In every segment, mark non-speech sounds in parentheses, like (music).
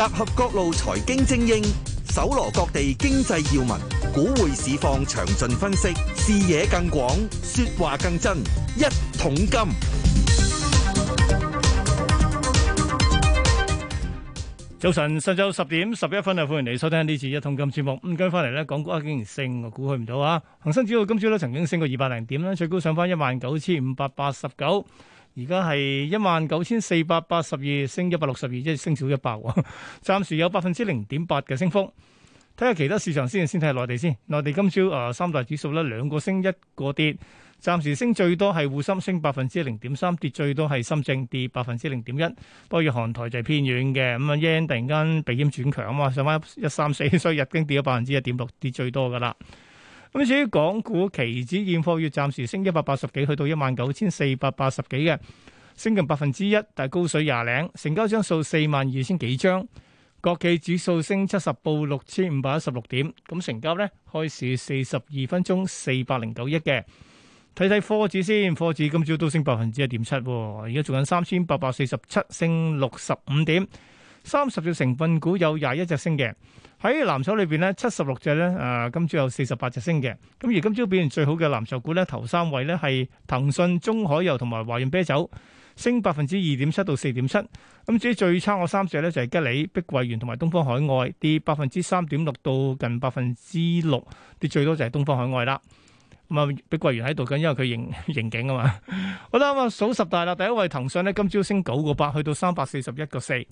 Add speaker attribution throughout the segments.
Speaker 1: 集合各路財經精英，搜羅各地經濟要聞，股匯市況詳盡分析，
Speaker 2: 視野更廣，說話更真。一桶金。早晨，上晝十點十一分啊！歡迎你收聽呢次一桶金節目。咁跟翻嚟咧，港股啊竟然升，我估佢唔到啊！恒生指數今朝咧曾經升過二百零點咧，最高上翻一萬九千五百八十九。而家係一萬九千四百八十二，升一百六十二，即係升少一百喎。暫時有百分之零點八嘅升幅。睇下其他市場先，先睇下內地先。內地今朝誒三大指數咧兩個升一個跌，暫時升最多係滬深升百分之零點三，跌最多係深證跌百分之零點一。不過日韓台就係偏遠嘅，咁啊 yen 突然間避險轉強啊嘛，上翻一三四，所以日經跌咗百分之一點六，跌最多㗎喇。咁至於港股期指現貨月暫時升一百八十幾，去到一萬九千四百八十幾嘅，升近百分之一，但係高水廿零。成交張數四萬二千幾張，國企指數升七十報六千五百一十六點，咁成交咧開市四十二分鐘四百零九億嘅。睇睇科指先，科指今朝都升百分之一點七，而家做緊三千八百四十七升六十五點，三十隻成分股有廿一隻升嘅。喺藍籌裏邊咧，七十六隻咧，啊，今朝有四十八隻升嘅。咁而今朝表現最好嘅藍籌股咧，頭三位咧係騰訊、中海油同埋華潤啤酒，升百分之二點七到四點七。咁至於最差我三隻咧，就係吉利、碧桂園同埋東方海外，跌百分之三點六到近百分之六，跌最多就係東方海外啦。咁啊，碧桂園喺度緊，因為佢盈盈警啊嘛。好啦，咁啊數十大啦，第一位騰訊咧，今朝升九個八，去到三百四十一個四。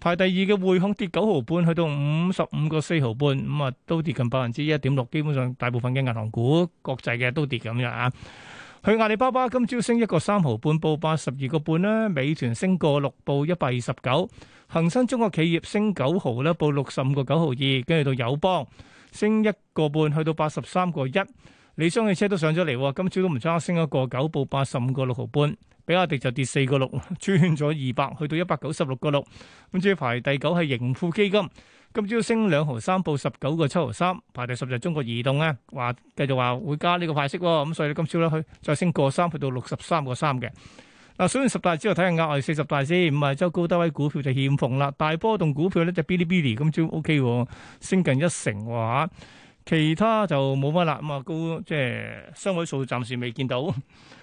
Speaker 2: 排第二嘅匯控跌九毫半，去到五十五個四毫半，咁啊都跌近百分之一點六。基本上大部分嘅銀行股、國際嘅都跌咁樣。去阿里巴巴今朝升一個三毫半，報八十二個半啦。美團升個六，報一百二十九。恒生中國企業升九毫啦，報六十五個九毫二。跟住到友邦升一個半，去到八十三個一。理想汽車都上咗嚟，今朝都唔差，升一個九，報八十五個六毫半。比亞迪就跌四個六，穿咗二百，去到一百九十六個六。咁呢排第九係盈富基金，今朝升兩毫三，報十九個七毫三。排第十就中國移動咧，話繼續話會加呢個派息，咁所以今朝咧去再升個三，去到六十三個三嘅。嗱，數完十大之後睇下額外四十大先。咁啊，周高德威股票就欠奉啦，大波動股票咧就嗶哩嗶哩今朝 OK，升近一成吓。其他就冇乜啦，咁、嗯、啊高即係雙位數暫時未見到。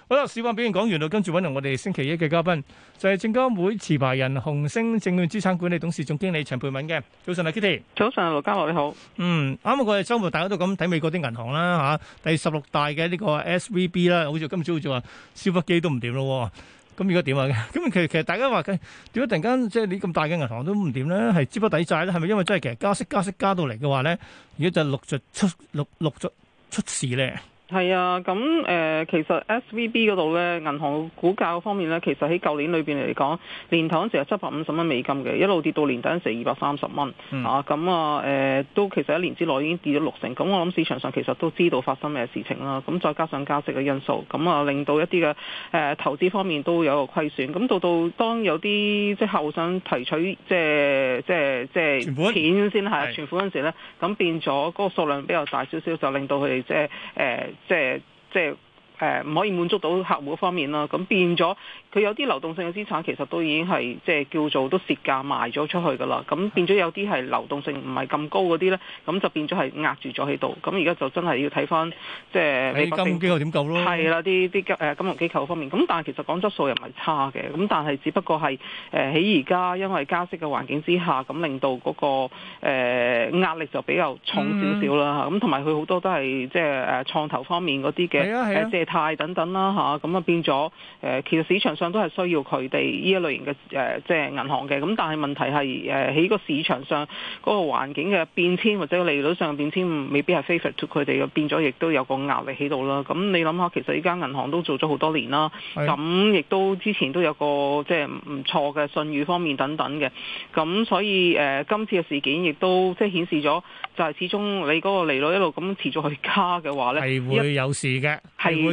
Speaker 2: 好啦，市況表現講完啦，跟住搵同我哋星期一嘅嘉賓，就係證監會持牌人、紅星證券資產管理董事總經理陳佩敏嘅。早晨，阿 Kitty 早晨啊，羅嘉樂你好。嗯，啱啱我哋周末大家都咁睇美國啲銀行啦吓、啊，第十六大嘅呢個 S V B 啦、啊，好似今朝仲話燒忽機都唔掂咯。啊咁而家點啊？咁其實其實大家話嘅點解突然間即係你咁大嘅銀行都唔掂咧？係資不抵債咧？係咪因為真係其實加息加息加到嚟嘅話咧，而家就陸續出陸陸續出事咧？
Speaker 3: 係啊，咁誒、呃、其實 S V B 嗰度咧，銀行股價方面咧，其實喺舊年裏面嚟講，年頭嗰陣時係七百五十蚊美金嘅，一路跌到年底嗰陣時二百三十蚊啊，咁啊誒都其實一年之內已經跌咗六成。咁我諗市場上其實都知道發生咩事情啦。咁再加上加息嘅因素，咁啊令到一啲嘅誒投資方面都有一個虧損。咁到到當有啲即係想提取即係即係即係錢先啦，係存款嗰陣時咧，咁變咗個數量比較大少少，就令到佢哋即、呃即係即係。誒唔可以滿足到客戶方面啦，咁變咗佢有啲流動性嘅資產其實都已經係即係叫做都蝕價賣咗出去㗎啦，咁變咗有啲係流動性唔係咁高嗰啲咧，咁就變咗係壓住咗喺度，咁而家就真係要睇翻即係。你、就是、金融機構點救點搞咯？係啦，啲啲金金融機構方面，咁但係其實講質素又唔係差嘅，咁但係只不過係誒喺而家因為加息嘅環境之下，咁令到嗰、那個誒、呃、壓力就比較重少少啦，咁同埋佢好多都係即係誒創投方面嗰啲嘅，即係、啊。派等等啦吓，咁啊變咗誒，其實市場上都係需要佢哋呢一類型嘅誒，即係銀行嘅。咁但係問題係，誒喺個市場上嗰個環境嘅變遷或者利率上嘅變遷未必係 favorite to 佢哋嘅，變咗亦都有個壓力喺度啦。咁你諗下，其實依間銀行都做咗好多年啦，咁亦都之前都有個即係唔錯嘅信譽方面等等嘅。咁所以誒今次嘅事件亦都即係顯示咗，就係始終你嗰個利率一路咁持續去加嘅話咧，係會有
Speaker 2: 事嘅，係會。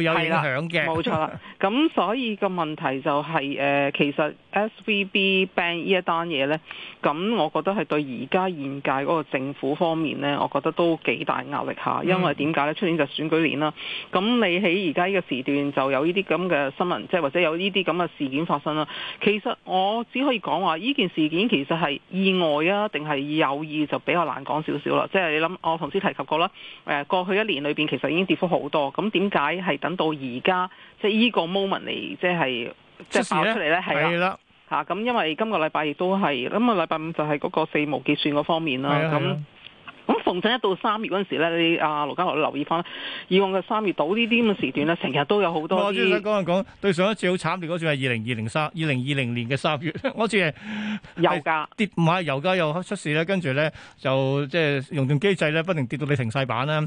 Speaker 2: 係啦，冇錯啦。
Speaker 3: 咁所以個問題就係，誒、其實 SVB Bank 呢一單嘢呢。咁我覺得係對而家現屆嗰個政府方面呢，我覺得都幾大壓力下。因為點解呢？出年就選舉年啦。咁你喺而家呢個時段就有呢啲咁嘅新聞，即係或者有呢啲咁嘅事件發生啦。其實我只可以講話，呢件事件其實係意外啊，定係有意就比較難講少少啦。即係你諗，我頭先提及過啦，誒、呃、過去一年裏面其實已經跌幅好多。咁點解係等？到而家，即係依個 moment 嚟，即係即係爆出嚟咧，係啦，吓咁。因為今個禮拜亦都係，今個禮拜五就係嗰個四無結算嗰方面啦。咁咁逢正一到三月嗰陣時咧，你阿盧嘉樂留意翻以往嘅三月到呢啲咁嘅時段咧，成日都有好多。我最想
Speaker 2: 講一講，對上一次好慘烈嗰次係二零二零三、二零二零年嘅三月，嗰次係油價跌，唔係油價又出事咧，跟住咧就即係熔斷機制咧，不停跌到你停晒板啦。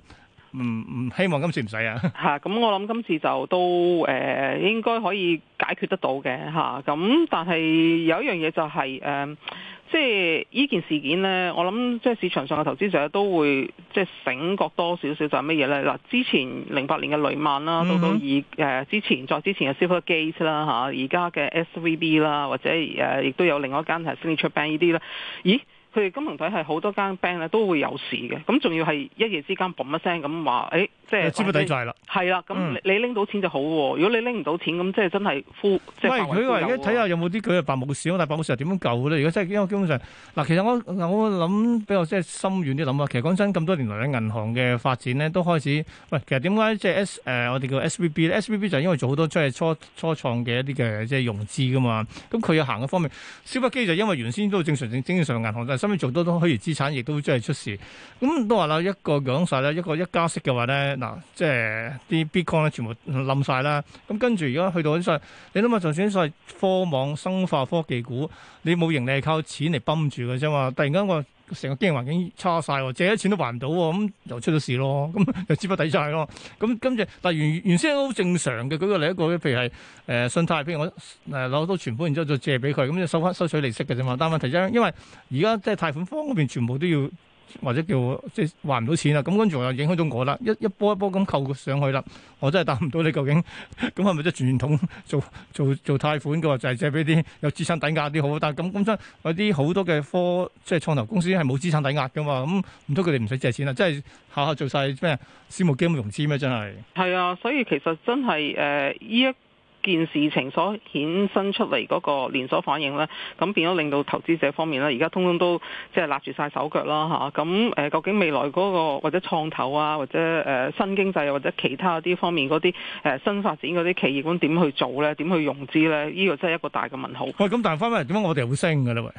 Speaker 2: 唔、嗯、唔希望今次唔使
Speaker 3: 啊！咁、 (laughs) 嗯、我諗今次就都誒、呃、應該可以解決得到嘅咁、啊、但係有一樣嘢就係、是、誒、呃，即係呢件事件咧，我諗即係市場上嘅投資者都會即係醒覺多少少就係乜嘢咧？嗱、啊，之前零八年嘅雷曼啦，到到以誒、嗯呃、之前再之前嘅 Silvergate 啦而家嘅 SVB 啦，或者誒亦、啊、都有另外一間係 Signature Bank 呢啲啦。咦？佢哋金融體係好多間 bank 咧都會有事嘅，咁仲要係一夜之間嘣一聲咁話，誒、欸，即係資不抵債啦。係啦，咁你拎到錢就好、嗯，如果你拎唔到錢，咁即係真係呼，即係佢話：而家
Speaker 2: 睇下有冇啲佢嘅白冇事，但係白冇事又點樣救咧？如果真係因為基本上，嗱，其實我我諗比較即係深遠啲諗啊。其實講真，咁多年來喺銀行嘅發展咧，都開始，喂，其實點解即係 S、呃、我哋叫 SVB 咧？SVB 就係因為做好多即係初初創嘅一啲嘅即係融資噶嘛。咁佢有行嘅方面，消費機就因為原先都正常正正常嘅銀行就。甚至做多多虛擬資產，亦都真係出事。咁都話啦，一個降晒咧，一個一加息嘅話咧，嗱，即係啲 Bitcoin 咧，全部冧晒啦。咁跟住而家去到啲所謂，你諗下，就算所謂科網、生化科技股，你冇盈利係靠錢嚟泵住嘅啫嘛。突然間個。成個經營環境差晒喎，借咗錢都還唔到喎，咁又出咗事咯，咁又資不抵債咯。咁跟住，但係原原先都好正常嘅，舉個例一個，譬如係誒信貸，譬如我誒攞到存款，然之後再借俾佢，咁就收翻收取利息嘅啫嘛。但問題因因為而家即係貸款方嗰邊全部都要。或者叫我即係還唔到錢啦，咁跟住又影響到我啦，一一波一波咁扣上去啦，我真係答唔到。你究竟咁係咪即係傳統做做做做貸款？嘅話就係借俾啲有資產抵押啲好，但係咁咁真有啲好多嘅科即係創投公司係冇資產抵押噶嘛，咁唔通佢哋唔使借錢啦？即係下下做晒咩私募基金融資咩？真係。係
Speaker 3: 啊，所以其實真係誒，依一。件事情所衍生出嚟嗰個連鎖反應呢，咁變咗令到投資者方面呢，而家通通都即係立住晒手腳啦嚇。咁誒，究竟未來嗰個或者創投啊，或者誒新經濟或者其他啲方面嗰啲誒新發展嗰啲企業咁點去做呢？點去融資呢？呢個真係一個大嘅問
Speaker 2: 號。喂，咁但係翻返嚟點解我哋又會升嘅呢？喂？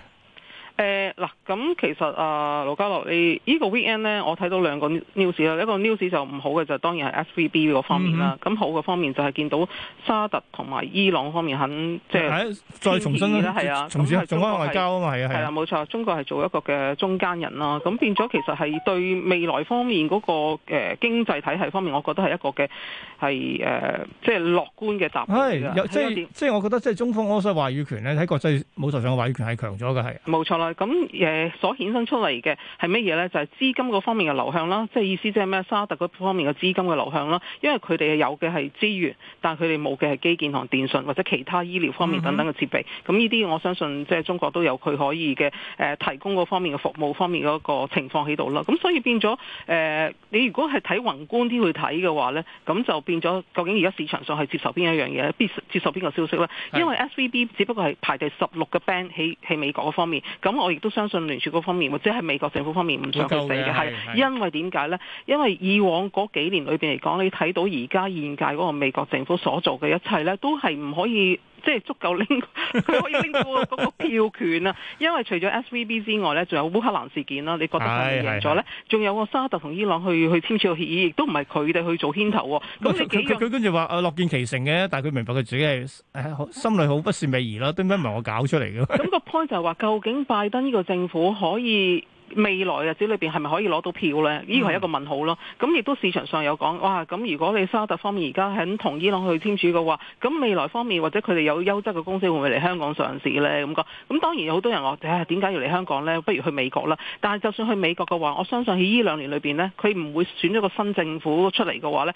Speaker 3: 誒、呃，嗱，咁其實啊，盧嘉樂，洛你呢呢個 weekend 咧，我睇到兩個 news 啦，一個 news 就唔好嘅就當然係 S V B 嗰方面啦，咁、嗯、好嘅方面就係見到沙特同埋伊朗方面肯即係、嗯、再重新重展、啊、重開、啊、外交啊嘛，係啊係啊，冇錯、啊啊，中國係做一個嘅中間人啦，咁變咗其實係對未來方面嗰、那個誒、呃、經濟體系方面，我覺得係一個嘅係誒即係樂觀嘅答即係
Speaker 2: 即係我覺得即係中方安身話語權咧喺國際舞台上嘅話語權係強咗嘅係，冇錯、啊咁誒所衍生出嚟嘅係
Speaker 3: 乜嘢呢？就係、是、資金嗰方面嘅流向啦，即係意思即係咩？沙特嗰方面嘅資金嘅流向啦，因為佢哋有嘅係資源，但係佢哋冇嘅係基建同電信或者其他醫療方面等等嘅設備。咁呢啲我相信即係中國都有佢可以嘅誒提供嗰方面嘅服務方面嗰個情況喺度啦。咁所以變咗誒、呃，你如果係睇宏觀啲去睇嘅話呢，咁就變咗究竟而家市場上係接受邊一樣嘢？必接受邊個消息呢？因為 S V B 只不過係排第十六個 bank 喺美國方面咁。咁我亦都相信聯儲嗰方面或者係美國政府方面
Speaker 1: 唔想佢死嘅，係因
Speaker 3: 為點解呢？因為以往嗰幾年裏邊嚟講，你睇到而家現屆嗰個美國政府所做嘅一切呢，都係唔可以。即係足夠拎，佢可以拎到嗰個票權啊！因為除咗 SVB 之外咧，仲有烏克蘭事件啦。你覺得佢贏咗咧？仲有個沙特同伊朗去去簽署協議，亦都唔係佢哋去做牽頭喎。咁你幾樣？佢
Speaker 2: 跟住話：落、啊、樂見其成嘅，但佢明白佢自己係心裏好不是味兒啦。拜登唔係我搞出嚟嘅。咁、
Speaker 3: 那個 point 就係、是、話，究竟拜登呢個政府可以？未來日子裏邊係咪可以攞到票呢？呢個係一個問號咯。咁亦都市場上有講，哇！咁如果你沙特方面而家肯同伊朗去簽署嘅話，咁未來方面或者佢哋有優質嘅公司會唔會嚟香港上市呢？咁講，咁當然有好多人話，唉、哎，點解要嚟香港呢？不如去美國啦。但係就算去美國嘅話，我相信喺呢兩年裏面呢，佢唔會選咗個新政府出嚟嘅話呢。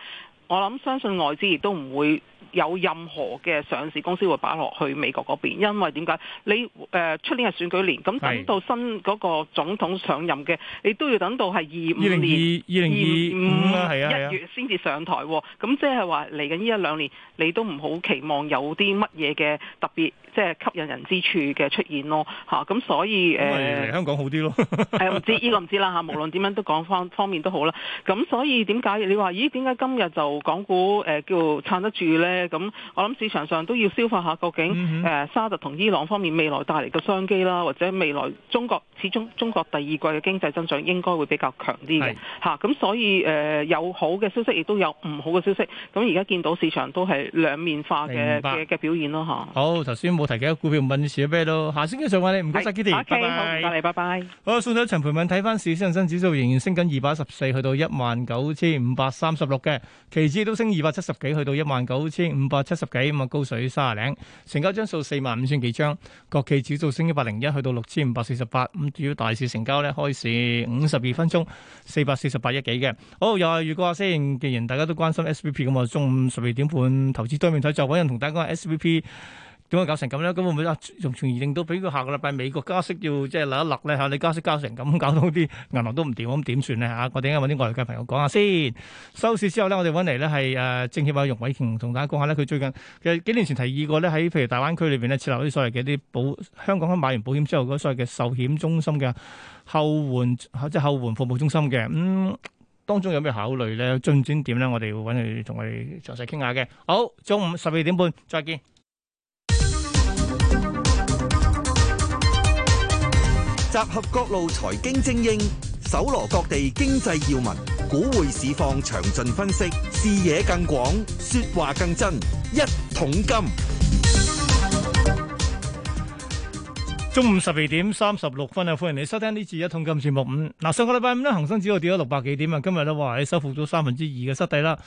Speaker 3: 我諗相信外資亦都唔會。有任何嘅上市公司會擺落去美國嗰邊？因為點解你誒出、呃、年係選舉年，咁等到新嗰個總統上任嘅，你都要等到係二五年二零二二零二五啊，係啊，一月先至上台。咁即係話嚟緊呢一兩年，你都唔好期望有啲乜嘢嘅特別即係、就是、吸引人之處嘅出現咯，咁、啊、所以誒，嚟香港好啲咯。誒、呃、唔知呢個唔知啦嚇，無論點樣都講方方面都好啦。咁所以點解你話咦？點解今日就港股、呃、叫撐得住咧？咁，我諗市場上都要消化下究竟，誒沙特同伊朗方面未來帶嚟嘅商機啦，或者未來中國始終中國第二季嘅經濟增長應該會比較強啲嘅，吓咁所以誒有好嘅消息，亦都有唔好嘅消息。咁而家見到市場都係兩面化嘅嘅表現咯，吓
Speaker 2: 好，頭先冇提及嘅股票問市咩咯，下星期再問你，唔該晒，基弟，拜拜，好，唔該你，拜拜。好，送咗陳培敏睇翻市，恒生指數仍然升緊二百一十四，去到一萬九千五百三十六嘅，期指都升二百七十幾，去到一萬九千。千五百七十幾咁啊，高水三十零，成交張數四萬五千幾張，國企指數升一百零一，去到六千五百四十八咁。主要大市成交咧，開市五十二分鐘四百四十八億幾嘅。好，又係預告下先。既然大家都關心 S V P 咁啊，中午十二點半投資多面睇，就揾人同大家講 S V P。點解搞成咁咧？咁會唔會啊，從而令到俾佢下個禮拜美國加息要即係落一落咧嚇？你加息加成咁，搞到啲銀行都唔掂，咁點算咧嚇？我哋依家揾啲外遊界朋友講下先。收市之後咧，我哋揾嚟咧係誒政協委員容偉強同大家講下咧，佢最近其實幾年前提議過咧，喺譬如大灣區裏邊咧設立啲所謂嘅啲保香港買完保險之後嗰所謂嘅壽險中心嘅後援即係後援服務中心嘅咁，當中有咩考慮咧？進展點咧？我哋會揾佢同佢詳細傾下嘅。好，中午十二點半再見。集合各路財經精英，
Speaker 1: 搜羅各地經濟要聞，股匯市況詳盡分析，視野更
Speaker 2: 廣，說話更真。一桶金，中午十二點三十六分啊！歡迎你收聽呢次一桶金節目。五。嗱，上個禮拜五咧，恒生指數跌咗六百幾點啊，今日咧話係收復咗三分之二嘅失地啦。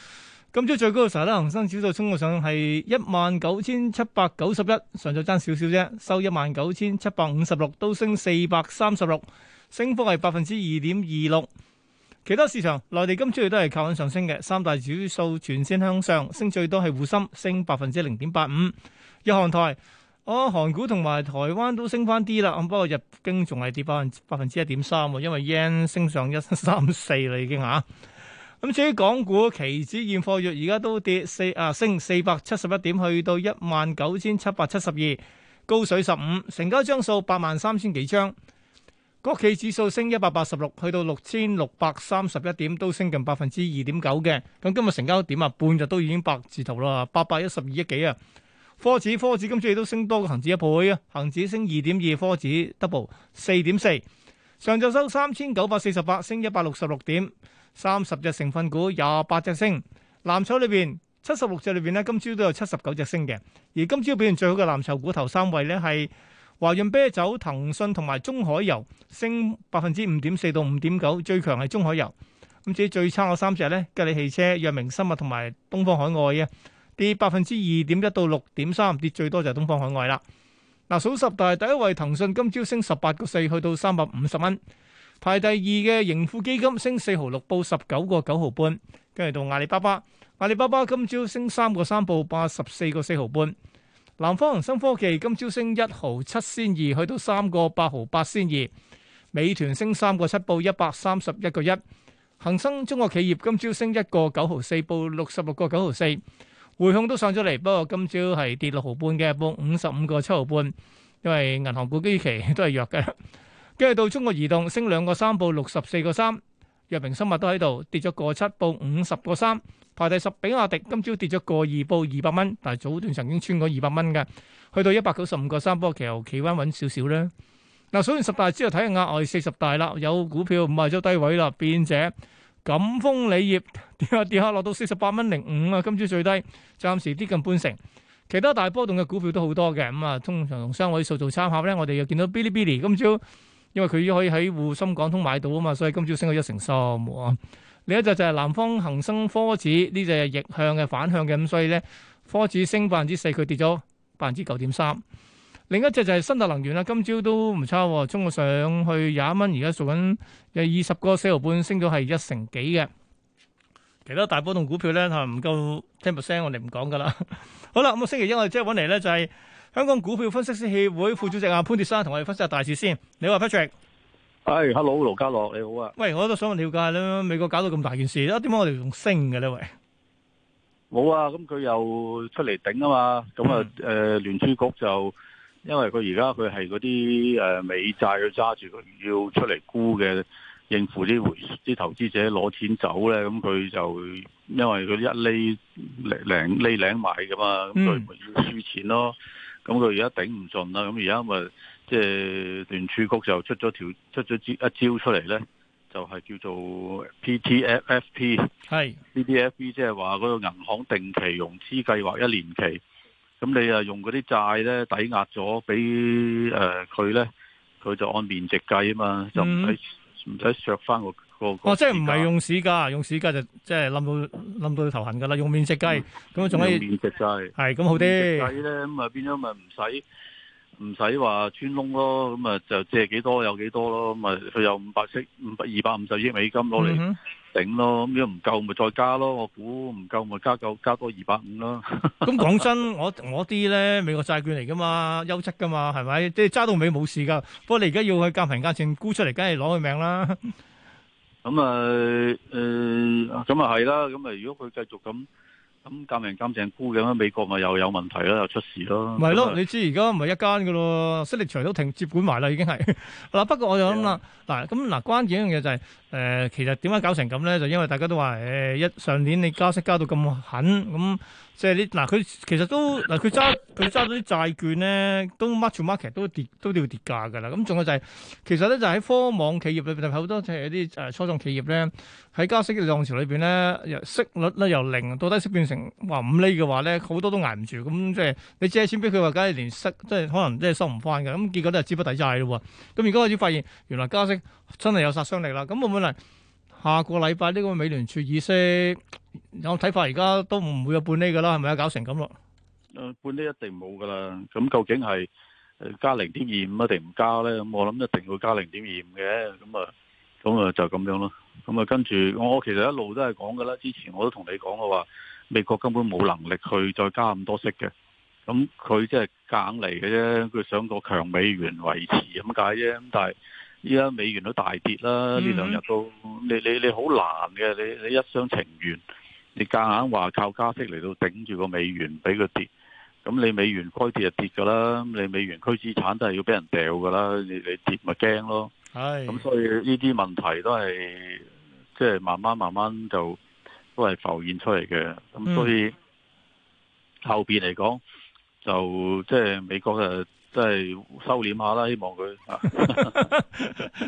Speaker 2: 今朝最高嘅時候咧，恒生指數衝到上係一萬九千七百九十一，上晝爭少少啫，收一萬九千七百五十六，都升四百三十六，升幅係百分之二點二六。其他市場，內地今朝亦都係靠緊上升嘅，三大指數全線向上，升最多係滬深，升百分之零點八五。日韓台，哦，韓股同埋台灣都升翻啲啦，咁不過日經仲係跌百分百分之一點三喎，因為 yen 升上一三四啦已經、啊咁至於港股期指現貨月，而家都跌四啊，升四百七十一點，去到一萬九千七百七十二，高水十五，成交張數八萬三千幾張。國企指數升一百八十六，去到六千六百三十一點，都升近百分之二點九嘅。咁今日成交點啊，半日都已經百字頭啦，八百一十二億幾啊。科指科指，科指今次亦都升多個恒指一倍啊，恆指升二點二，科指 double 四點四。上晝收三千九百四十八，升一百六十六點。三十隻成分股廿八隻升，藍籌裏邊七十六隻裏邊咧，今朝都有七十九隻升嘅。而今朝表現最好嘅藍籌股頭三位咧，係華潤啤酒、騰訊同埋中，中海油，升百分之五點四到五點九，最強係中海油。咁至於最差嘅三隻咧，吉利汽車、藥明生物同埋東方海外啊，跌百分之二點一到六點三，跌最多就係東方海外啦。嗱，數十大第一位騰訊今朝升十八個四，去到三百五十蚊。排第二嘅盈富基金升四毫六，報十九個九毫半。跟住到阿里巴巴，阿里巴巴今朝升三個三，報八十四個四毫半。南方恒生科技今朝升一毫七仙二，去到三個八毫八仙二。美團升三個七，報一百三十一個一。恒生中國企業今朝升一個九毫四，報六十六個九毫四。匯控都上咗嚟，不過今朝係跌六毫半嘅，報五十五個七毫半。因為銀行股近期都係弱嘅。跟住到中國移動升兩個三報六十四個三，藥明生物都喺度跌咗個七報五十個三，排第十。比亞迪今朝跌咗個二報二百蚊，但係早段曾經穿過二百蚊嘅，去到一百九十五個三，不過其後企穩穩少少啦。嗱，數完十大之後睇下額外四十大啦，有股票唔係咗低位啦，變者贛鋒鋰業跌下跌下落到四十八蚊零五啊，今朝最低，暫時跌近半成。其他大波動嘅股票都好多嘅，咁啊，通常同三位數做參考咧，我哋又見到 Bilibili 今朝。因為佢已經可以喺滬深港通買到啊嘛，所以今朝升到一成三。另一隻就係南方恒生科指，呢隻係逆向嘅、反向嘅，咁所以咧科指升百分之四，佢跌咗百分之九點三。另一隻就係新特能源啦，今朝都唔差，衝到上去廿一蚊，而家做緊二十個四毫半，升咗，係一成幾嘅。其他大波動股票咧，吓唔夠 ten percent 我哋唔講噶啦。 (laughs) 好啦，咁啊星期一我哋即係搵嚟咧就係、是。香港股票分析師協會副主席阿潘鐵生同我哋分析下大事先。你話 Patrick？
Speaker 1: 誒，Hello，盧家樂，你好啊。
Speaker 2: 喂，我都想問了解啦。美國搞到咁大件事，點解我哋仲升嘅呢？喂，
Speaker 1: 冇啊，咁佢、啊、又出嚟頂啊嘛。咁、嗯、啊，誒、呃，聯儲局就因為佢而家佢係嗰啲誒美債佢揸住，佢要出嚟沽嘅，應付啲回啲投資者攞錢走咧。咁佢就因為佢一厘零零厘零買噶嘛，佢咪要輸錢咯。嗯咁佢而家頂唔順啦，咁而家咪即係聯儲局就出咗條出咗招一招出嚟咧，就係叫做 PTFP，係，PTFP 即係話嗰個銀行定期融資計劃一年期，咁你啊用嗰啲債咧抵押咗俾誒佢咧，佢就按面值計啊嘛，就唔使唔使削
Speaker 2: 翻個。哦，即係唔係用市價，用市價就即係冧到冧到頭痕噶啦。用面值計咁，仲、嗯、可以係咁、就是、好啲。面值計
Speaker 1: 咧，咁啊，變咗咪唔使唔使話穿窿咯。咁啊，就借幾多有幾多咯。咁啊，佢有五百億五百二百五十億美金攞嚟頂咯。咁如果唔夠咪再加咯。我估唔夠咪加夠加多二百五咯。
Speaker 2: 咁、嗯、講真 (laughs) 我，我我啲咧美國債券嚟噶嘛，優質噶嘛，係咪即係揸到尾冇事噶？不過你而家要去鑑評價錢估出嚟，梗係攞佢命啦。
Speaker 1: 咁咪誒，咁啊係啦。咁、嗯、咪、嗯嗯嗯嗯、如果佢繼續咁。咁、嗯、鑑明鑑證菇咁樣，美國咪又有問題啦，又出事咯。咪咯、嗯，你
Speaker 2: 知而家唔係一間嘅咯色力場都停接管埋啦，已經係嗱。 (laughs) 不過我就諗啦，嗱咁嗱，關鍵一樣嘢就係、是、誒、呃，其實點解搞成咁咧？就因為大家都話誒，一、欸、上年你加息加到咁狠，咁即係你嗱，佢、啊、其實都嗱，佢揸佢揸到啲債券咧，都 mark to market 都跌都要跌價㗎啦。咁、嗯、仲有就係、是、其實咧，就喺、是、科網企業裏邊，好多即係啲誒初創企業咧，喺加息浪潮裏邊咧，息率咧由零到底息變。話五厘嘅話咧，好多都挨唔住，咁即係你借錢俾佢，話梗係連息，即係可能即係收唔翻嘅，咁結果都係資不抵債咯。咁而家開始發現，原來加息真係有殺傷力啦。咁本嚟下個禮拜呢個美聯儲議息有睇法，而家都唔會有半厘嘅啦，係咪啊，搞成咁咯。
Speaker 1: 誒，半厘一定冇噶啦。咁究竟係加零點二五一定唔加咧？咁我諗一定會加零點二五嘅。咁啊，咁啊就咁樣咯。咁啊，跟住我其實一路都係講噶啦。之前我都同你講嘅話。美國根本冇能力去再加咁多息嘅，咁佢即係硬嚟嘅啫，佢想個強美元維持咁解啫。咁但係依家美元都大跌啦，呢、嗯、兩日都你你你好難嘅，你你，你，你，你一廂情願，你夾硬話靠加息嚟到頂住個美元俾佢跌，咁你美元開跌就跌噶啦，你美元區資產都係要俾人掉噶啦，你你跌咪驚咯。係，咁所以呢啲問題都係即係慢慢慢慢就。都係浮現出嚟嘅，咁所以、嗯、後邊嚟講就即係美國嘅，即係收斂下啦。希望佢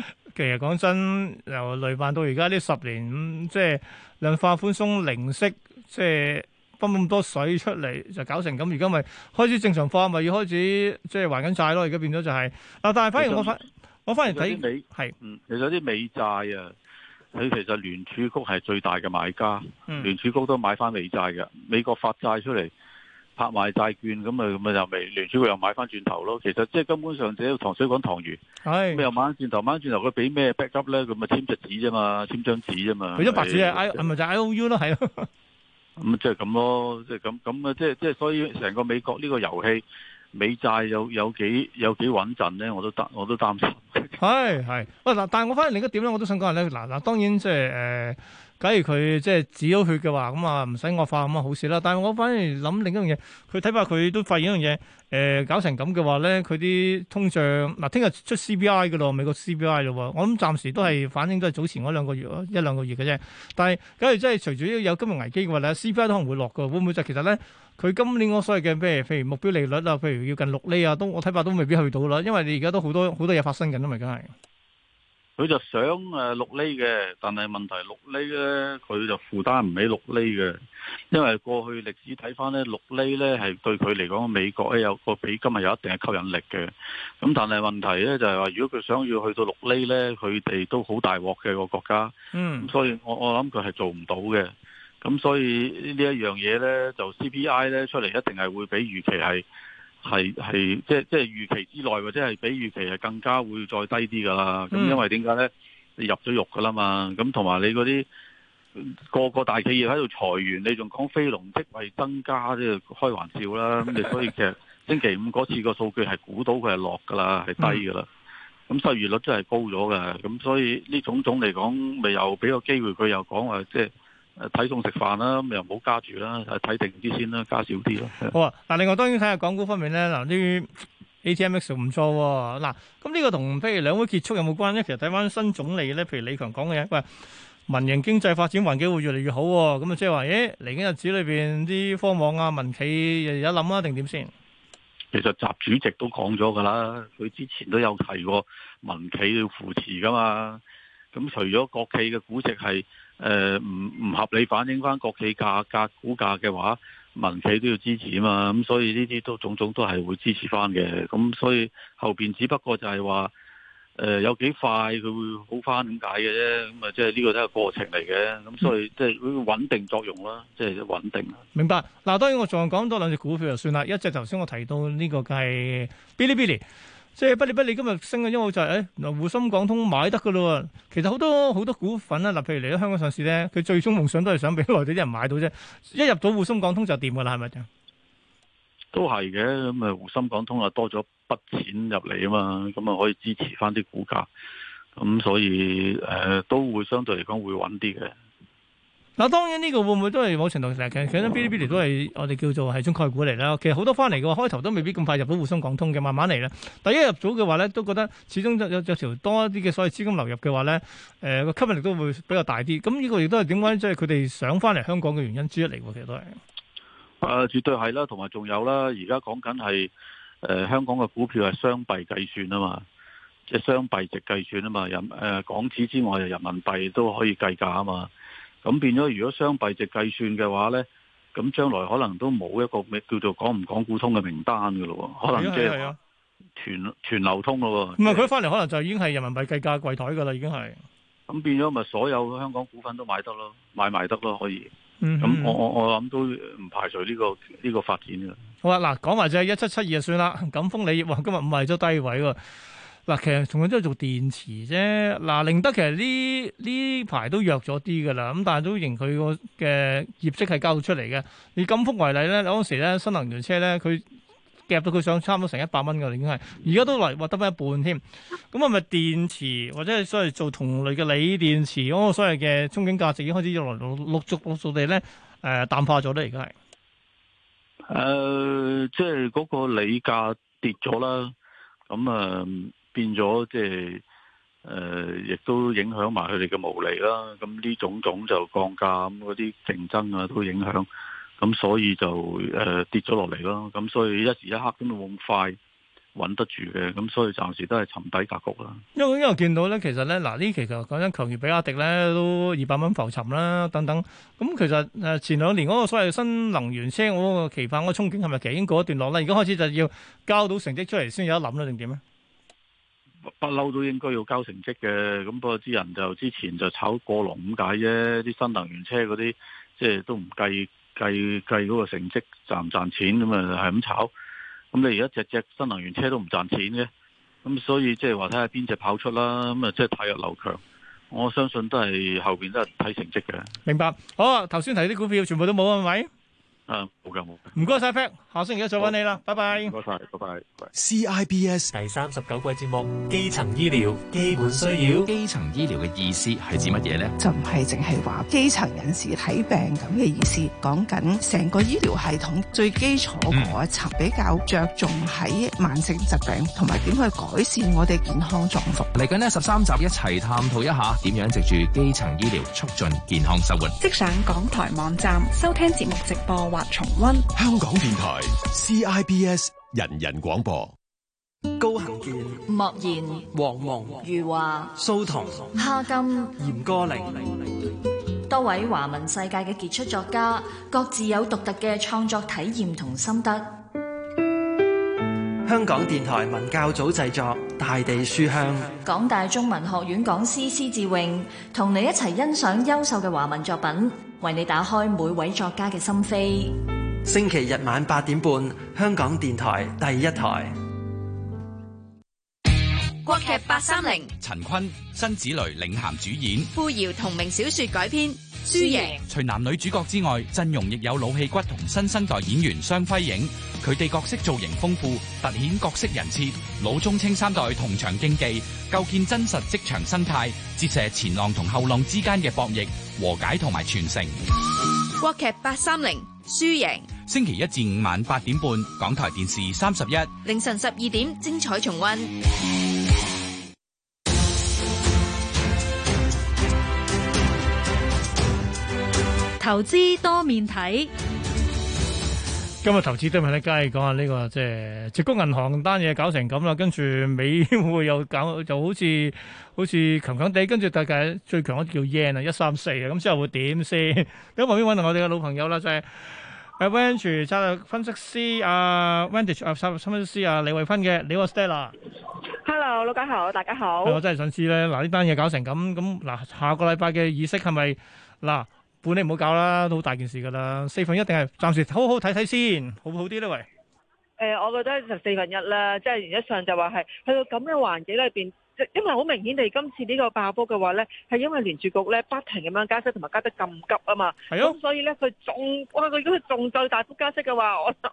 Speaker 1: (laughs)
Speaker 2: (laughs) 其實講真，由雷曼到而家呢十年，即、嗯、係、就是、量化寬鬆、零息，即係分咁多水出嚟，就搞成咁。而家咪開始正常化，咪要開始即係、就是、還緊債咯。而家變咗就係、是、嗱，但係反而我反你我翻嚟睇美係，嗯，
Speaker 1: 其實有啲美債啊。佢其實聯儲局係最大嘅買家，聯儲局都買翻美債嘅。美國發債出嚟拍賣債券，咁咪咁啊又咪聯儲局又買翻轉頭咯。其實即係根本上寫糖水講糖漬，咪又買翻轉頭，買翻轉頭佢俾咩 back up 咧？咁啊簽隻紙啫嘛，簽張紙啫嘛。佢一
Speaker 2: 白紙咪、 (laughs) 嗯、就係 IOU 咯，係、就
Speaker 1: 是。咁啊，即係咁咯，即係咁咁啊，即係即係，所以成個美國呢個遊戲，美債有有幾有幾穩陣咧？我都我都擔心。
Speaker 2: 係係喂嗱，但係我，我、就是、我反而另一點咧，我都想講下咧嗱嗱。當然即係誒，假如佢即係止咗血嘅話，咁啊唔使惡化咁啊，好事啦。但係我反而諗另一樣嘢，佢睇怕佢都發現一樣嘢誒，搞成咁嘅話咧，佢啲通脹嗱，聽日出 CPI 嘅咯，美國 CPI 咯，我諗暫時都係反正都係早前嗰兩個月一兩個月嘅啫。但係假如真係隨住呢有金融危機嘅話咧，CPI 都可能會落㗎，會唔會就其實咧？佢今年嗰所謂嘅咩？譬如目標利率啊，譬如要近六厘啊，都我睇法都未必去到啦。因為你而家都好多好多嘢發生緊啊，咪梗係
Speaker 1: 佢就想誒六厘嘅，但係問題六厘咧，佢就負擔唔起六厘嘅。因為過去歷史睇翻咧，六厘咧係對佢嚟講，美國咧有個比金有一定嘅吸引力嘅。咁但係問題咧就係話，如果佢想要去到六厘咧，佢哋都好大鑊嘅個國家。嗯，所以我我諗佢係做唔到嘅。咁所以呢一樣嘢咧，就 CPI 咧出嚟一定係會比預期係係係即係即係預期之內，或者係比預期係更加會再低啲噶啦。咁因為點解咧？你入咗肉噶啦嘛。咁同埋你嗰啲個個大企業喺度裁員，你仲講非農職位增加，即係開玩笑啦。咁所以其實星期五嗰次個數據係估到佢係落噶啦，係低噶啦。咁失業率真係高咗㗎。咁所以呢種種嚟講，咪又俾個機會佢又講話即睇餸食飯啦，咁又唔好加住啦，睇定啲先啦，加少啲咯。
Speaker 2: 好啊，嗱，另外當然睇下港股方面咧，嗱啲 A T M X 唔錯喎、啊，嗱，咁呢個同譬如兩會結束有冇關咧？其實睇翻新總理咧，譬如李強講嘅嘢，佢話民營經濟發展環境會越嚟越好、啊，咁啊即係話，咦嚟緊日子裏邊啲科網啊、民企又有冇諗啊？定點先？
Speaker 1: 其實習主席都講咗噶啦，佢之前都有提過民企要扶持噶嘛，咁除咗國企嘅估值係。誒、呃，唔唔合理反映翻國企價格股價嘅話，民企都要支持啊嘛，咁所以呢啲都種種都係會支持翻嘅。咁所以後邊只不過就係話，誒、呃、有幾快佢會好翻點解嘅啫？咁啊即係呢個都係過程嚟嘅，咁所以即係穩定作用啦，即係穩定。
Speaker 2: 明白，嗱，當然我仲有講多兩隻股票就算啦，一隻頭先我提到呢個梗係嗶哩嗶哩。即係不理不理，今日升嘅因素就係，誒嗱，滬深港通買得嘅咯喎。其實好多好多股份啦，嗱，譬如嚟到香港上市咧，佢最終夢想都係想俾內地人買到啫。一入到滬深港通就掂嘅啦，係咪就？
Speaker 1: 都係嘅，咁啊滬深港通啊多咗筆錢入嚟啊嘛，咁啊可以支持翻啲股價，咁所以誒、呃、都會相對嚟講會穩啲嘅。
Speaker 2: 嗱，當然呢個會唔會都係某程度上，其實其實 bilibili 都係我哋叫做係中概念股嚟啦。其實好多翻嚟嘅話，開頭都未必咁快入到互相講通嘅，慢慢嚟啦。但一入咗嘅話咧，都覺得始終有有條多一啲嘅，所以資金流入嘅話咧，誒個吸引力都會比較大啲。咁呢個亦都係點解，即係佢哋想翻嚟香港嘅原因之一嚟喎，其實都
Speaker 1: 係。啊，絕對係啦，同埋仲有啦。而家講緊係誒香港嘅股票係雙幣計算啊嘛，即係雙幣值計算啊嘛。人、呃、誒港紙之外，又人民幣都可以計價啊嘛。咁變咗，如果雙幣值計算嘅話咧，咁將來可能都冇一個咩叫做講唔講股通嘅名單嘅咯喎，可能即係全全流通咯喎。
Speaker 2: 唔係佢翻嚟可能就已經係人民幣計價櫃台嘅啦，已經係。咁變咗咪
Speaker 1: 所有香港股份都買得咯，買賣得咯，可以。咁我我我諗都唔排除呢個呢個發展嘅、
Speaker 2: 嗯嗯。好啊，嗱講埋就係一七七二就算啦。錦豐利業今日唔係咗低位喎。嗱，其實同樣都係做電池啫。嗱，寧德其實呢呢排都弱咗啲㗎啦，咁但係都認佢個嘅業績係交到出嚟嘅。以贛鋒為例咧，嗰陣時咧新能源車咧，佢夾到佢上差唔多成一百蚊㗎啦，已經係而家都嚟獲得返一半添。咁係咪電池或者係所謂做同類嘅鋰電池？嗰、那個、所謂嘅憧憬價值已經開始逐來陸陸續續地咧誒淡化咗咧，而家
Speaker 1: 係誒即係嗰個鋰價跌咗啦，咁啊～、呃變咗即係誒，亦、呃、都影響埋佢哋嘅毛利啦。咁呢種種就降價，咁嗰啲競爭啊都影響。咁所以就誒、呃、跌咗落嚟囉。咁所以一時一刻都冇咁快穩得住嘅。咁所以暫時都係沉底格局啦。
Speaker 2: 因為因為見到咧，其實咧嗱，期強呢期其實講緊強如比亞迪咧，都二百蚊浮沉啦。等等。咁其實誒前兩年嗰個所謂新能源車嗰、嗰個期盼，嗰個憧憬係咪其實已經過一段落啦？而家開始就要交到成績出嚟先有得諗啦，定點咧？
Speaker 1: 不嬲都應該要交成績嘅，咁不過啲人就之前就炒過龍咁解啫，啲新能源車嗰啲即係都唔計計計嗰個成績賺唔賺錢咁啊係咁炒，咁你而家隻隻新能源車都唔賺錢啫，咁所以即係話睇下邊隻跑出啦，咁啊即係睇若樓強，我相信都係後邊都係睇成績嘅。
Speaker 2: 明白，好，啊，頭先提啲股票全部都冇係咪？啊、嗯，好嘅，好唔該晒 Pat，下星期一再揾你啦，拜拜。拜拜拜拜。CIBS 第三十九季節目《基層醫療基本需要》，基層醫療嘅意思係指乜嘢咧？
Speaker 4: 就唔係淨係話基層人士睇病咁嘅意思，講緊成個醫療系統最基礎嗰一層，比較着重喺慢性疾病同埋點去改善我哋健康狀況。
Speaker 2: 嚟緊呢十三集一齊探討一下，點樣藉住基層醫療促進健康生活。
Speaker 4: 即上港台網站收聽節目直播。重溫
Speaker 2: 香港電台 CIBS 人人廣播，
Speaker 4: 高行健、莫言、
Speaker 2: 王蒙、余華、蘇童、
Speaker 4: 哈金、
Speaker 2: 嚴歌苓，
Speaker 4: 多位華文世界嘅傑出作家，各自有獨特嘅創作體驗同心得。
Speaker 1: 香港電台文教組製作《大地書香》，
Speaker 4: 港大中文學院講師施志穎同你一齊欣賞優秀嘅華文作品，為你打開每位作家嘅心扉。
Speaker 1: 星期日晚八點半，香港電台第一台。
Speaker 4: 國劇八三零，
Speaker 1: 陳坤、辛芷蕾、領銜主演。
Speaker 4: 付遙同名小說改編，輸贏。
Speaker 1: 除男女主角之外，陣容亦有老戲骨同新生代演員雙輝映。佢哋角色造型豐富，凸顯角色人設。老中青三代同場競技，構建真實職場生態，折射前浪同後浪之間嘅博弈和解同埋傳承。
Speaker 4: 國劇八三零，輸贏。
Speaker 1: 星期一至五晚八點半，港台電視三十一，
Speaker 4: 凌晨十二點精彩重溫。投資多面睇、
Speaker 2: 這個，今日投資都係梗係講下呢個即係浙沽銀行單嘢搞成咁啦，跟住美會又搞，就好似好似強強地，跟住大概最強嗰啲叫 yen 啊，一三四啊，咁之後會點先？喺旁邊揾到我哋嘅老朋友啦，就係、是、Aventage 策略分析師 Vantage，啊 Aventage 策略分析師啊，李慧芬嘅，你好 Stella，Hello
Speaker 4: 老家伙，大家好，嗯、我
Speaker 2: 真係想知咧，嗱呢單嘢搞成咁，咁嗱下個禮拜嘅議息係咪嗱？半你唔好搞啦，都好大件事噶啦。四分一定係暫時好好睇睇先，好好啲啦。喂，
Speaker 4: 誒，我覺得就四分一啦，即係原則上就話係，去到咁嘅環境裏邊。因為好明顯地，今次呢個爆波嘅話咧，係因為聯儲局咧不停咁樣加息，同埋加得咁急啊嘛。係咯、啊。咁所以咧，佢仲哇，佢如果佢仲再大幅加息嘅話，我諗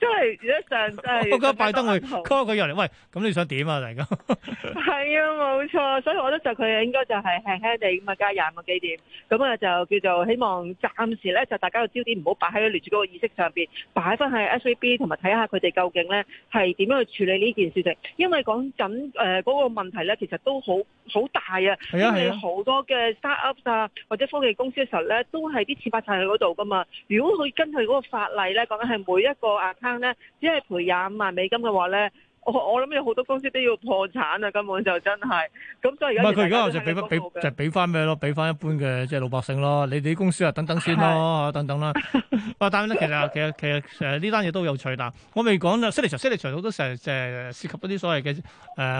Speaker 4: 真係如果上真我覺得拜登去，call 佢
Speaker 2: 入嚟，喂，咁你想點啊？大家。
Speaker 4: 係啊，冇錯。所以我覺得就佢應該就係輕輕地咁啊，加廿五個基點。咁啊，就叫做希望暫時咧就大家嘅焦點唔好擺喺聯儲局嘅意識上邊，擺翻喺 SVB 同埋睇下佢哋究竟咧係點樣去處理呢件事情。因為講緊誒嗰、呃那個問題。係咧，其實都好好大啊！因為好多嘅 startups 啊，或者科技公司嘅時候咧，都係啲錢擺晒去嗰度噶嘛。如果佢根據嗰個法例咧，講緊係每一個 account 咧，只係賠廿五萬美金嘅話咧，我我諗有好多公司都要破產啊，根本就真係。
Speaker 2: 咁所以而家唔係佢而家就俾翻俾就俾翻咩咯？俾翻一般嘅即係老百姓咯。你哋啲公司啊等等先咯，等等啦。哇， (laughs) 但係咧，其實其實其實誒呢單嘢都有趣。嗱，我未講咧犀利場犀利場好多成日涉及一啲所謂嘅誒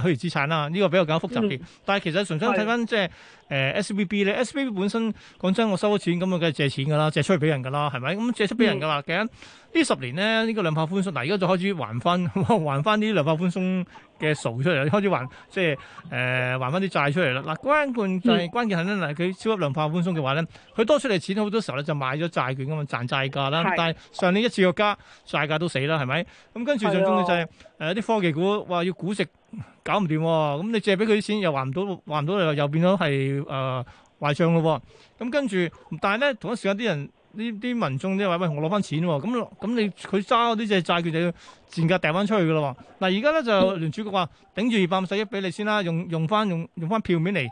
Speaker 2: 虛擬資產啦。呢、這個比較咁複雜啲、嗯。但係其實純粹睇翻即係。呃、SBB 咧 s v b 本身講真，我收咗錢咁啊，梗係借錢㗎啦，借出嚟俾人㗎啦，係咪？咁借出俾人㗎話，嘅、嗯、呢十年咧，呢、這個兩百寬鬆，嗱，而家就開始還翻，還翻啲兩百寬鬆。嘅數出嚟，開始還即係誒、呃、還翻啲債出嚟啦。嗱、啊，關鍵就係關鍵係咧，嗱、嗯，佢超級量化寬鬆嘅話咧，佢多出嚟錢好多時候咧就買咗債券噶嘛，賺債價啦。但係上年一次個加債價都死啦，係咪？咁、嗯、跟住就終於就誒啲科技股話要估值搞唔掂喎。咁你借俾佢啲錢又還唔到，還唔到又又變咗係誒壞帳咯、哦。咁、嗯、跟住，但係咧同一時間啲人。呢啲民眾呢？喂喂，我攞翻錢喎、哦，咁咁你佢揸嗰啲隻債券就要賤價掉翻出去噶啦喎！嗱，而家咧就聯儲局話，頂住二百五十億俾你先啦，用用翻用用翻票面嚟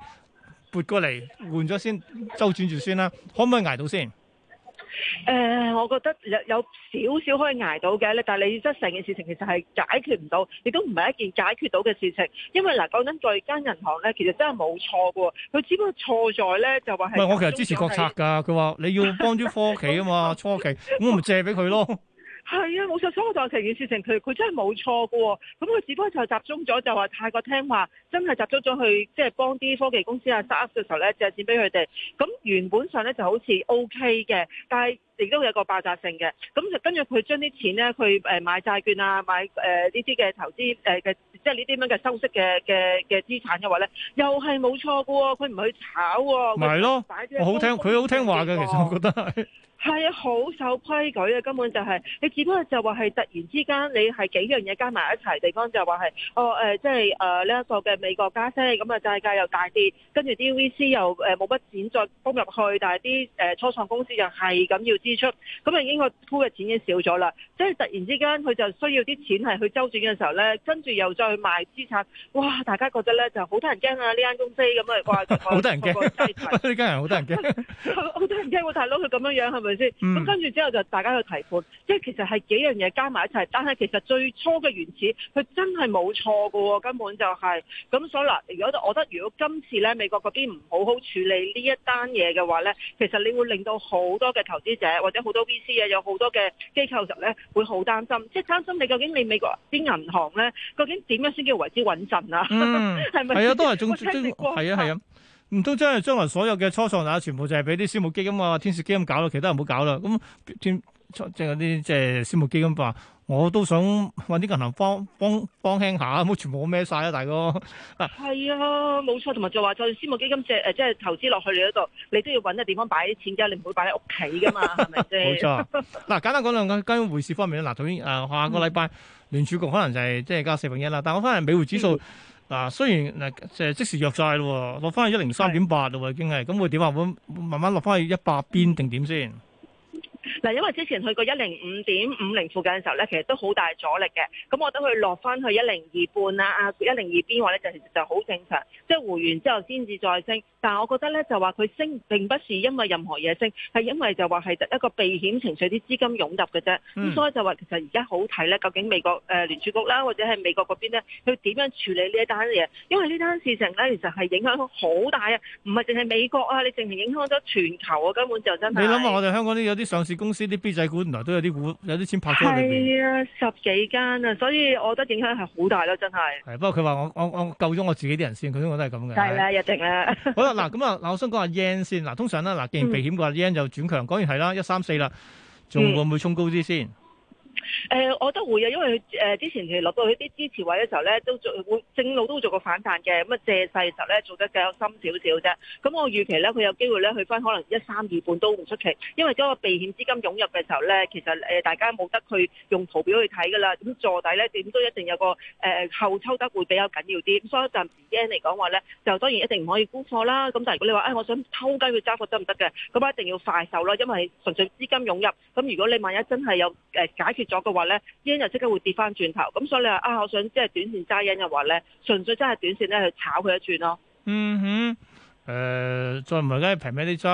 Speaker 2: 撥過嚟換咗先，周轉住先啦，可唔可以捱到先？
Speaker 4: 誒、呃，我覺得有有少少可以捱到嘅，但係你即係成件事情其實係解決唔到，亦都唔係一件解決到嘅事情。因為嗱，講緊在間銀行咧，其實真係冇錯嘅，佢只不過錯在咧就話係。唔係，我其實支持國策
Speaker 2: 噶，佢話你要幫啲科企啊嘛， (laughs) 初期，我咪借俾佢咯。 (laughs)
Speaker 4: 係啊，冇錯，所以我就成件事情，佢佢真係冇錯喎。咁佢只不過就集中咗，就話太過聽話，真係集中咗去即係幫啲科技公司啊、打壓嘅時候咧，借錢俾佢哋，咁原本上咧就好似 OK 嘅，但係，亦都有一個爆炸性嘅，咁就跟住佢將啲錢咧，佢誒買債券啊，買誒呢啲嘅投資誒嘅，即係呢啲咁嘅收息嘅嘅嘅資產嘅話咧，又係冇錯嘅喎，佢唔去炒喎，哦，咪咯，我好聽，佢好
Speaker 2: 聽話嘅，其實我覺得
Speaker 4: 係係啊，好守規矩啊。根本就係、是、你只不過就話係突然之間你係幾樣嘢加埋一齊地方就話係哦誒，即係誒呢一個嘅美國加息，咁啊，債價又大跌，跟住 DVC 又誒冇乜錢再衝入去，但係啲誒初創公司又係咁要資。支出咁啊，已經個鋪嘅錢已經少咗啦，即係突然之間佢就需要啲錢係去周轉嘅時候咧，跟住又再去賣資產，哇！大家覺得咧就好、啊、就 (laughs) 多，低 (laughs) 多人驚害啊，呢間公司咁啊，哇好多人驚
Speaker 2: 呢好多人驚，係
Speaker 4: 好多人驚喎大佬，佢咁樣樣係咪先？咁、嗯、跟住之後就大家去提款，即係其實係幾樣嘢加埋一齊，但係其實最初嘅原始佢真係冇錯噶，根本就係、是、咁所以嗱，如果我覺得如果今次咧美國嗰邊唔好好處理這一的呢一單嘢嘅話咧，其實你會令到好多嘅投資者。或者好多 VC 啊，有好多嘅機構就咧會好擔心，即係擔心你究竟你美國啲銀行咧，究竟點樣先叫為之穩陣啊？係、嗯、咪？係 (laughs) 啊，都係仲將係啊係
Speaker 2: 啊，唔通將將來所有嘅初創啊，全部就係俾啲私募基金啊、天使基金搞咯，其他人唔好搞啦。咁、嗯，天。即係嗰啲即係私募基金吧，我都想揾啲銀行幫幫幫輕下，唔好全部孭晒啦。大哥，係 (laughs) 啊，冇錯，同埋就話再、就是、私募基金借誒，即係投資落去你嗰
Speaker 4: 度，你都要揾個地方擺啲錢，而家你唔會擺喺屋企噶嘛，
Speaker 2: 係咪先？冇 (laughs) 錯。嗱，簡單講兩間金融匯市方面嗱，頭先誒，下個禮拜、嗯、聯儲局可能就係即係加四分一啦，但我翻嚟美匯指數嗱、嗯，雖然即係即時弱曬咯，落翻去一零三點八咯，已經係咁會點啊？會慢慢落翻去一百邊定點先？
Speaker 4: 嗱，因為之前去過一零五點五零附近嘅時候咧，其實都好大阻力嘅。咁我覺得佢落翻去一零二半啊，一零二邊嘅話咧，就其實就好正常，即係回完之後先至再升。但係我覺得咧，就話佢升並不是因為任何嘢升，係因為就話係一個避險情緒啲資金湧入嘅啫。咁、嗯、所以就話其實而家好睇咧，究竟美國誒、呃、聯儲局啦，或者係美國嗰邊咧，佢點樣處理呢一單嘢？因為呢單事情咧，其實係影響好大啊，唔係淨係美國啊，你淨係影響咗全球啊，根本就真係。你諗下，
Speaker 2: 我哋香港都有啲上市公司啲 B 仔股原來都有啲股有啲錢拍咗裏面。係
Speaker 4: 啊，十幾間啊，所以我覺得影響係好大咯，真
Speaker 2: 係。係不過佢話我我我救咗我自己啲人先，佢都覺得係咁嘅。係啦，
Speaker 4: 一
Speaker 2: 定啦。好啦，嗱咁啊，嗱 (laughs) 我想講下 yen 先。嗱通常啦，嗱既然避險，嘅話 yen 就轉強。講、嗯、完係啦、啊，一三四啦，仲會唔會衝高啲先？嗯
Speaker 4: 誒、嗯，我覺得會啊，因為誒之前其實落到去啲支持位嘅時候咧，都做會正路都會做個反彈嘅，咁啊借勢嘅時候咧，做得比較深少少啫。咁我預期咧，佢有機會咧去翻可能一三二半都唔出奇，因為嗰個避險資金湧入嘅時候咧，其實誒大家冇得去用圖表去睇㗎啦。咁坐底咧點都一定有個誒、呃、後抽得會比較緊要啲。咁所以暫時間嚟講話咧，就當然一定唔可以沽貨啦。咁但係如果你話誒、哎、我想偷雞去揸貨得唔得嘅？咁啊一定要快手啦，因為純粹資金湧入。咁如果你萬一真係有誒解決跌咗嘅話咧 yen 即刻會跌翻轉頭，咁所以你話啊，我想即係短線揸 yen 嘅話咧，純粹真係短線咧去炒佢一轉咯，嗯哼。
Speaker 2: 誒、呃，再唔係梗係平咩啲揸，誒、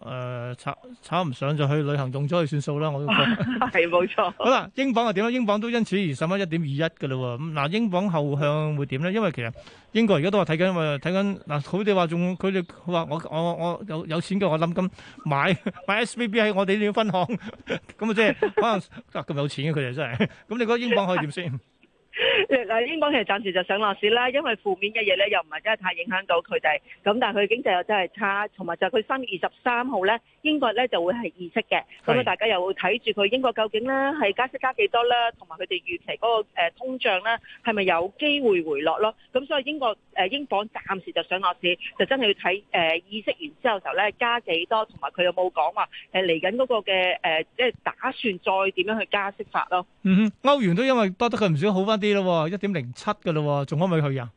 Speaker 2: 呃、炒炒唔上就去旅行用咗去算數啦。我都係
Speaker 4: 冇錯。好 (laughs) 啦，
Speaker 2: 英鎊又點咧？英鎊都因此而十蚊一點二一嘅咯。咁嗱，英鎊後向會點咧？因為其實英國而家都話睇緊，話睇緊嗱，佢哋話仲，佢哋話我我我，我有有錢嘅，我諗咁買買 S V B 喺我哋呢間分行，咁啊即係可能咁有錢嘅佢哋真係。咁你覺得英鎊可以點先？ (laughs)
Speaker 4: 英鎊其實暫時就上落市啦，因為負面嘅嘢咧又唔係真係太影響到佢哋，咁但係佢經濟又真係差，同埋就佢三月二十三號咧，英國咧就會係議息嘅，咁啊大家又會睇住佢英國究竟咧係加息加幾多啦，同埋佢哋預期嗰、那個誒、呃、通脹咧係咪有機會回落咯，咁所以英國誒、呃、英鎊暫時就上落市，就真係要睇誒、呃、議息完之後嘅時候咧加幾多，同埋佢有冇講話誒嚟緊嗰個嘅誒即係打算再點樣去加息法咯。嗯
Speaker 2: 哼，歐元都因為多得佢唔少好翻啲。啲咯，一點零七㗎喇，仲可唔可以去啊？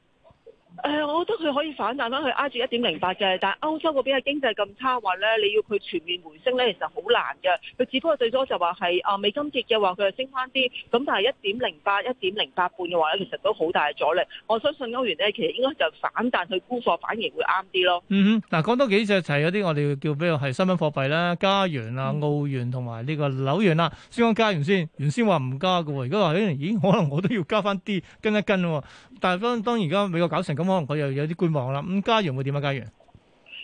Speaker 4: 誒、哎，我覺得佢可以反彈翻去挨住一點零八嘅，但係歐洲嗰邊嘅經濟咁差話，話咧你要佢全面回升咧，其實好難嘅。佢只不過最多就話係啊，美金跌嘅話，佢就升翻啲。咁但係一點零八、一點零八半嘅話咧，其實都好大阻力。我相信歐元咧，其實應該就反彈去沽貨，去沽錯反而會啱啲咯。嗯哼，
Speaker 2: 嗱，講多幾隻就係嗰啲，我哋叫比如係新聞貨幣啦，加元啊、澳元同埋呢個紐元啦。先講加元先，原先話唔加嘅喎，而家話咦，可能我都要加翻啲跟一跟咯。但係當當而家美國搞成咁。可能佢又有啲觀望啦。咁加元會點啊？加元，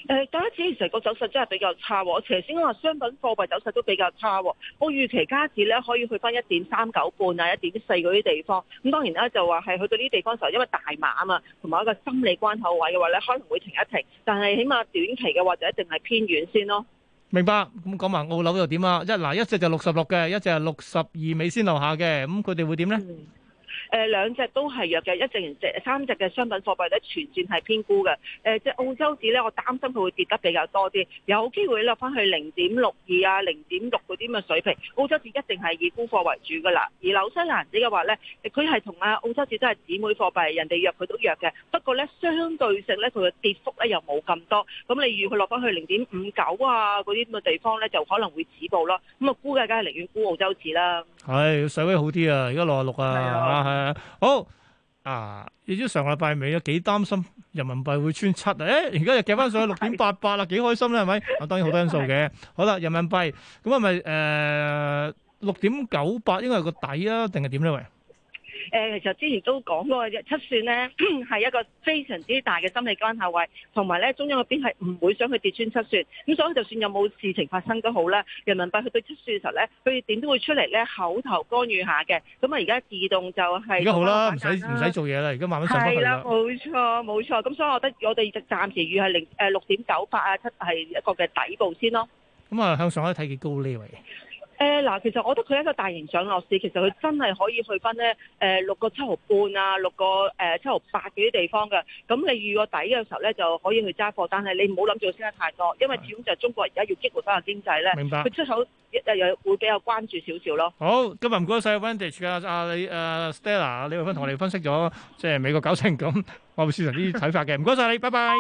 Speaker 4: 誒，加紙其實個走勢真係比較差。我頭先講話商品貨幣走勢都比較差。我預期加紙咧可以去翻一點三九半啊，一點四嗰啲地方。咁當然啦，就話係去到呢啲地方時候，因為大碼啊嘛，同埋一個心理關口位嘅話咧，可能會停一停。但係起碼短期嘅話，就一定係偏軟先咯。
Speaker 2: 明白。咁講埋澳樓又點啊？一嗱，一隻就六十六嘅，一隻係六十二尾先留下嘅。咁佢哋會點咧？
Speaker 4: 誒，兩隻都係弱嘅，一隻三隻嘅商品貨幣咧，全線係偏沽嘅。誒即係澳洲紙咧，我擔心佢會跌得比較多啲，有機會落翻去零點六二啊、零點六嗰啲咁嘅水平。澳洲紙一定係以沽貨為主㗎啦。而紐西蘭紙嘅話咧，佢係同啊澳洲紙都係姊妹貨幣，人哋弱佢都弱嘅。不過咧相對性咧，佢嘅跌幅咧又冇咁多。咁你預佢落翻去零點五九啊嗰啲咁嘅地方咧，就可能會止步囉。咁啊沽嘅梗係寧願沽澳洲紙啦。
Speaker 2: 係，稍微好啲啊，而家六啊六啊。誒、嗯，好啊！你知上個禮拜尾啊，幾擔心人民幣會穿七啊，誒、欸，而家又夾翻上去六點八八啦，幾 (laughs) 開心咧，係咪？啊，當然好多因素嘅。好啦，人民幣咁係咪誒六點九八？應該係、呃、個底啊，定係點咧？喂？
Speaker 4: 誒、呃，其實之前都講過，七線咧係一個非常之大嘅心理關口位，同埋咧中央嗰邊係唔會想去跌穿七線，咁所以就算有冇事情發生都好啦，人民幣去到七線嘅時候咧，佢點都會出嚟咧口頭干預下嘅，咁啊而家自動就係而家好啦，唔使唔使做
Speaker 2: 嘢啦，而家慢慢上翻啦。係啦，冇
Speaker 4: 錯冇錯，咁所以我覺得我哋就暫時預係零誒六點九八啊七係一個嘅底部先咯。
Speaker 2: 咁、嗯、啊向上可以睇幾高呢位。
Speaker 4: 誒，嗱，其實我覺得佢係一個大型上落市，其實佢真係可以去返咧，誒、呃，六個七毫半啊，六個誒、呃、七毫八嗰啲地方嘅。咁你預個底嘅時候咧，就可以去揸貨，但係你唔好諗住升得太多，因為始終就係中國而家要激活翻個經濟咧。明白。佢出口誒又會比較關注少少咯。
Speaker 2: 好，今日唔該晒 Vantage 啊，你李誒、啊、Stella，李慧芬同我哋分析咗即係美國九成咁， (laughs) 我哋市場啲睇法嘅，唔該晒你， (laughs) 拜拜。